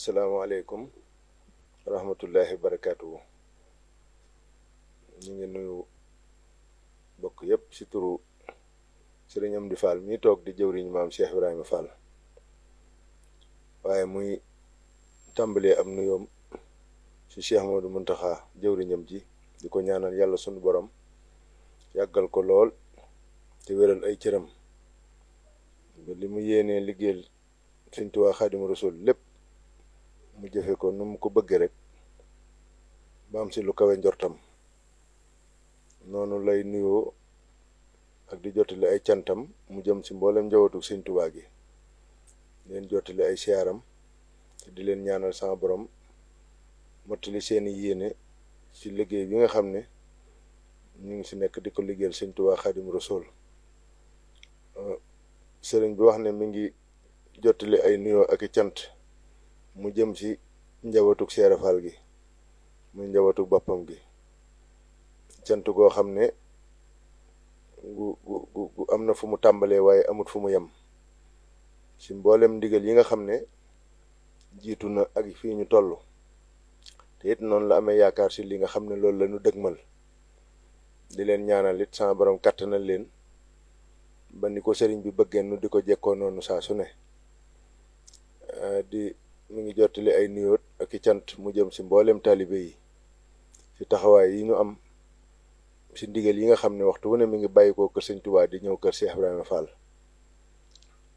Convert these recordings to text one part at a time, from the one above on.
salaamaaleykum wa rahmatullahi wa ñu ngi nuyu bokk yépp ci turu sëriñ Amdi Fall mi toog di jëwriñ maam Cheikh Ibrahima Fall waaye muy tàmbalee am nuyoom ci Cheikh Modou Muntaxa jëwriñam ji di ko ñaanal yàlla sunu borom yàggal ko lool te wéral ay cëram li mu yéenee liggéey Sëriñ Tuubaa Xaadimu Rasuul lépp mu jëfe ko nu mu ko bëggee rek ba am si lu kawe njortam noonu lay nuyoo ak di jottali ay cantam mu jëm si mboolem njawatu Sëñ Tuubaa gi leen jottali ay siyaaram te di leen ñaanal sama borom mottali seeni yéene ci liggéey bi nga xam ne mu ngi si nekk di ko liggéeyal Sëñ Tuubaa Xaadim Rasuul sëriñ bi wax ne mi ngi jottali ay nuyoo ak i cant mu jëm ci njabootug Cheikh Fall gi muy njabootug boppam gi cant goo xam ne gu gu gu am na fu mu tàmbalee waaye amut fu mu yem si mboolem ndigal yi nga xam ne jiitu na ak fii ñu toll te it noonu la amee yaakaar si li nga xam ne loolu la ñu dëgmal di leen ñaanal it sama borom na leen ba ni ko sëriñ bi bëggee nu di ko jekkoo noonu saa su ne di. mi ngi jottali ay nuyoot ak i cant mu jëm si mbooleem taalibe yi si taxawaay yi ñu am si ndigal yi nga xam ne waxtu wu ne mi ngi bàyyi koo kër sëñ Tuubaa di ñëw kër Cheikh Ibrahima Fall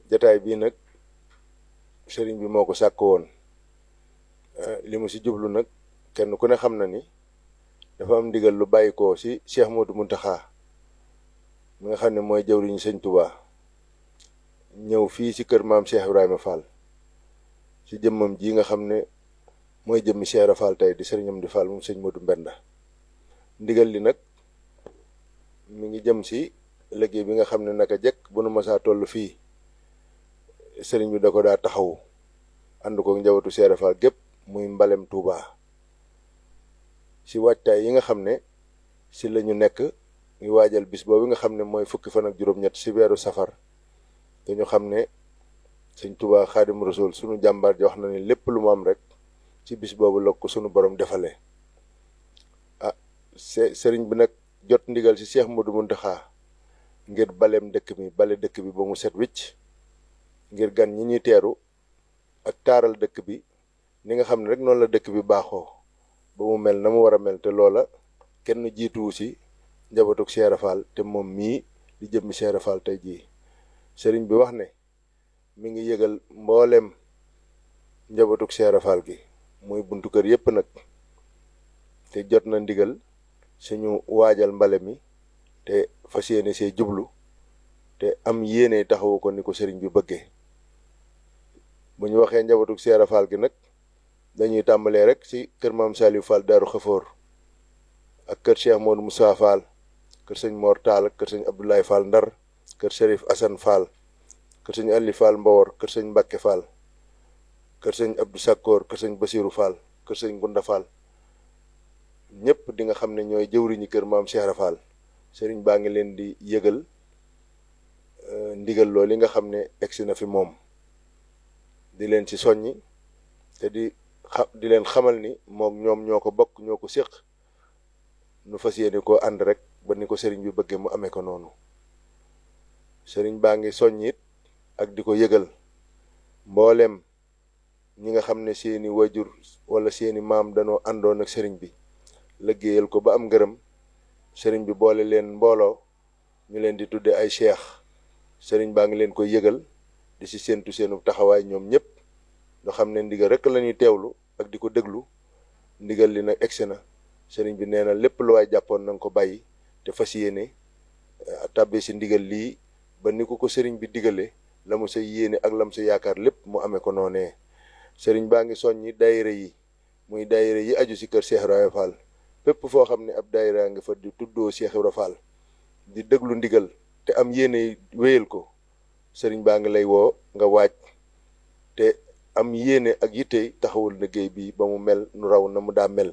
jataay bii nag sëriñ bi moo ko sàkk woon eh, li mu si jublu nag kenn ku ne xam na ni dafa am ndigal lu bàyyi koo si Cheikh Modou Mountakha mi nga xam ne mooy jëwriñu sëñ Tuubaa ñëw fii si kër maam Cheikh Ibrahima Fall ci jëmmam ji nga xam ne mooy jëmmi Cheikh Ibra Fall di sëriñam di Fall moom sëñ Modou Mbenda ndigal li nag mu ngi jëm si liggéey bi nga xam ne naka jekk bu nu masaa toll fii sëriñ bi da ko daa taxawu ànd ko njabootu Cheikh Ibra gépp muy mbalem Touba si waajtaay yi nga xam ne si la ñu nekk ñu waajal bis boobu nga xam ne mooy fukki fan ak juróom-ñett si weeru safar te xam ne sëñ Tuubaa Xaadim Rasuul sunu jàmbaar ji wax na ni lépp lu mu am rek ci bis boobu la ko sunu borom defalee ah sëriñ bi nag jot ndigal si Seex Mudu Muntaxaa ngir baleem dëkk bi bale dëkk bi ba mu set wicc ngir gan ñi ñuy teeru ak taaral dëkk bi ni nga xam ne rek noonu la dëkk bi baaxoo ba mu mel na mu war a mel te loola kenn jiituwu si njabootug Seera Faal te moom mii di jëmmi Seera Faal tey jii sëriñ bi wax ne mi ngi yëgal mboolem njabootug Cheikh Fall gi mooy buntu kër yépp nag te jot na ndigal suñu waajal mbale mi te fas yéene see jublu te am yéene taxawu ko ni ko sëriñ bi bëggee bu ñu waxee njabootug Cheikh Fall gi nag dañuy tàmbalee rek ci kër maam Saliou Fall Daaru Xafoor ak kër Cheikh Modou Moussa Fall kër sëñ Mor Tall ak kër sëñ Abdoulaye Fall Ndar kër Cherif Assane Fall kër sëñ Aliou Fall Mbawor kër sëñ Mbacke Fall kër sëñ Abdou Sakkoor kër sëñ Basirou Fall kër sëñ Gunda Fall ñëpp di nga xam ne ñooy jëwriñu kër maam am Ibra Fall sëriñ baa ngi leen di yëgal euh, ndigal loolu li nga xam ne egsi na fi moom di leen ci soññ te di xa di leen xamal ni moom ñoom ñoo ko bokk ñoo ko séq nu fas yéene ko ànd rek ba ni ko sëriñ bi bëggee mu amee ko noonu sëriñ baa ngi soññ it ak di ko yëgal mboolem ñi nga xam ne seeni wajur wala seeni maam danoo àndoon ak sëriñ bi liggéeyal ko ba am ngërëm sëriñ bi boole leen mbooloo ñu leen di tuddee ay cheikh sëriñ baa ngi leen ko yëgal di si séentu seenu taxawaay ñoom ñëpp ñoo xam ne ndigal rek lañuy teewlu ak di ko déglu ndigal li nag egsi na sëriñ bi nee na lépp lu waay jàppoon na ko bàyyi te fas yéene eh, tàbbee si ndigal lii ba ni ko ko sëriñ bi digalee la mu sa yéene ak la mu sa yaakaar lépp mu amee ko noonee sëriñ baa ngi soññi daayira yi muy daayira yi aju si kër Cheikh Ibrahima pépp foo xam ne ab daayira nga fa di tuddoo Cheikh Ibrahima Fall di déglu ndigal te am yéene wéyal ko sëriñ baa ngi lay woo nga waaj te am yéene ak yitte taxawul liggéey bi ba mu mel nu raw na mu daa mel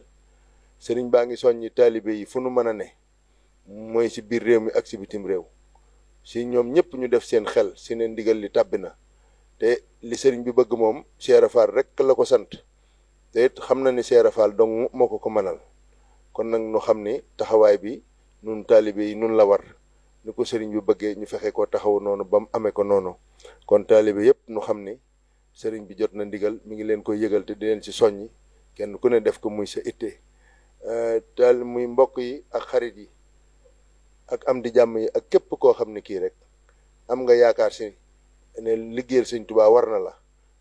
sëriñ baa ngi soññi taalibe yi fu nu mën a ne mooy si biir réew mi ak si bitim réew si ñoom ñëpp ñu def seen xel si ne ndigal li tàbbi na te li sëriñ bi bëgg moom Cheikh Rafaal rek la ko sant te xam na ni Cheikh Rafaal dong moo ko ko mënal kon nag ñu xam ni taxawaay bi nun taalibe yi nun la war ni ko sëriñ bi bëggee ñu fexe ko taxaw noonu ba mu amee ko noonu kon taalibe yëpp ñu xam ni sëriñ bi jot na ndigal mu ngi leen koy yëgal te di leen ci soññi kenn ku ne def ko muy sa itte euh, taal muy mbokk yi ak xarit yi. ak am di jàmm yi ak képp koo xam ne kii rek am nga yaakaar si ne liggéeyal sëñ tubaa war na la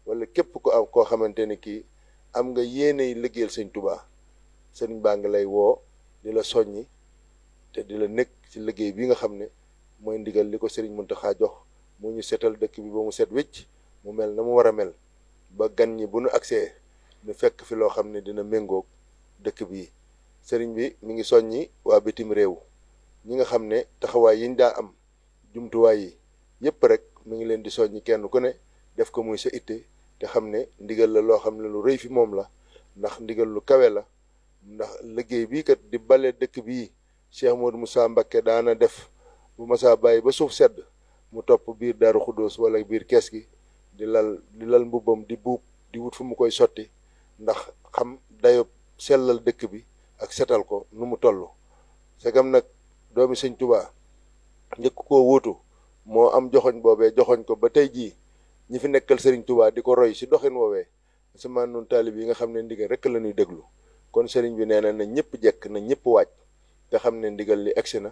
wala képp ko am koo xamante ne kii am nga yéene liggéeyal sëñ tubaa sëriñ baa ngi lay woo di la soññi te di la nekk ci liggéey bii nga xam ne mooy ndigal li ko sëriñ Muntaxa jox mu ñu setal dëkk bi ba mu set wécc mu mel na mu war a mel ba gan ñi bu nu agsee ñu fekk fi loo xam ne dina méngook dëkk bi sëriñ bi mu ngi soññi waa bitim réew ñi nga xam ne taxawaay yi ñu daa am jumtuwaay yi yëpp rek mu ngi leen di soññi kenn ko ne def ko muy sa itte te xam ne ndigal la loo xam ne lu rëy fi moom la ndax ndigal lu kawe la ndax liggéey bii kat di bale dëkk bi bii Cheikh mu Moussa Mbacké daana def bu masaa bàyyi ba suuf sedd mu topp biir Daaru Xuddoos wala biir kees gi di lal di lal mbubbam di buub di wut fu mu koy sotti ndax xam dayo sellal dëkk bi ak setal ko nu mu toll segam nag doomi sëñ tubaa njëkk ko wuutu moo am joxoñ boobee joxoñ ko ba tey jii ñi fi nekkal sëriñ tubaa di ko roy si doxin woowee asamaan nun taalib yi nga xam ne ndigal rek la déglu kon sëriñ bi nee na na ñëpp jekk na ñëpp waaj te xam ne ndigal li egsi na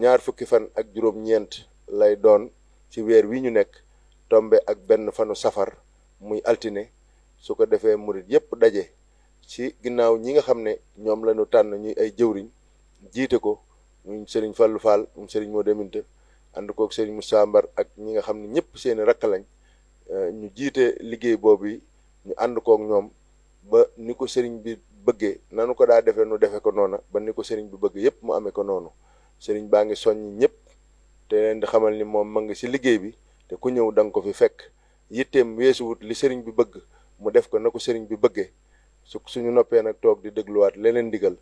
ñaar fukki fan ak juróom-ñeent lay doon ci weer wi ñu nekk tombe ak benn fanu safar muy altine su ko defee murit yëpp daje si ginnaaw ñi nga xam ne ñoom lañu ñu tànn ñu ay jëwriñ jiite ko ñun Serigne Fallou Fall ñun Serigne Modou Aminta ànd kook Serigne mu Mbar ak ñi nga xam ne ñëpp seen i rakk lañ euh, ñu jiite liggéey boobu yi ñu ànd kook ñoom ba ni ko sëriñ bi bëggee nanu ko daa defee nu defee ko noona ba ni ko Serigne bi bëgg yëpp mu amee ko noonu sëriñ baa ngi soññ ñëpp te di xamal ni moom ma ngi si liggéey bi te ku ñëw da ko fi fekk yitteem weesuwut li Serigne bi bëgg mu def ko na ko sëriñ bi bëggee su suñu noppee nag toog di dégluwaat leneen ndigal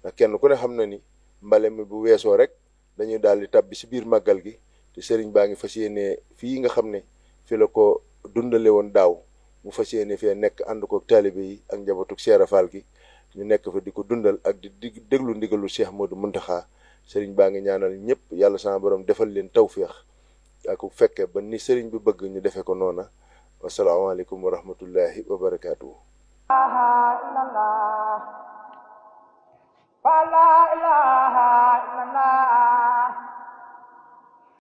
ndax kenn ku ne xam na ni. mbale mi bu weesoo rek dañuy daal di tàbbi si biir màggal gi te sëriñ baa ngi fas yéene fii nga xam ne fi la ko dundale woon daaw mu fas yéene fee nekk ànd kook taalibe yi ak njabootug Cheikh Fall gi ñu nekk fa di ko dundal ak di di déglu ndigalu Cheikh Modou Muntaxa sëriñ baa ngi ñaanal ñëpp yàlla sama boroom defal leen taw tawféex ak fekke ba ni sëriñ bi bëgg ñu defee ko noona wasalaamaaleykum wa rahmatullahi wa